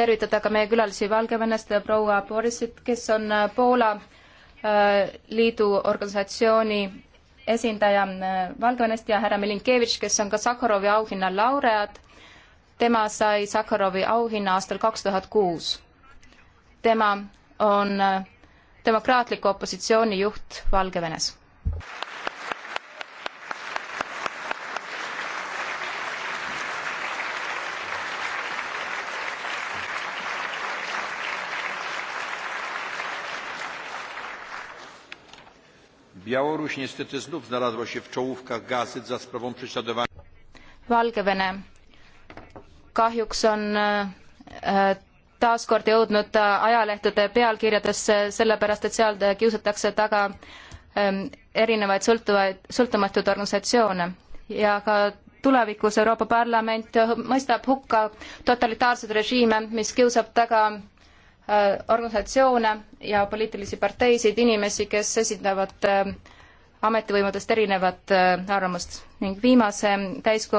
tervitada ka meie külalisi Valgevenest, proua Borisit, kes on äh, Poola äh, liidu organisatsiooni esindaja äh, Valgevenest ja härra Milinkevitš, kes on ka Sakharovi auhinna laureaat. tema sai Sakharovi auhinna aastal kaks tuhat kuus. tema on demokraatliku opositsiooni juht Valgevenes. Białoruś niestety znów znalazła się w czołówkach gazet za sprawą prześladowania. Valgevene kahjuks on e, e, taaskord jõudnud e, ajalehtede pealkirjadesse sellepärast, et seal kiusatakse taga erinevaid sõltuvaid, sõltumatuid organisatsioone ja ka tulevikus Euroopa Parlament mõistab hukka totalitaarseid režiime, mis kiusab taga Äh, organisatsioone ja poliitilisi parteisid, inimesi, kes esindavad äh, ametivõimudest erinevat äh, arvamust ning viimase täiskogu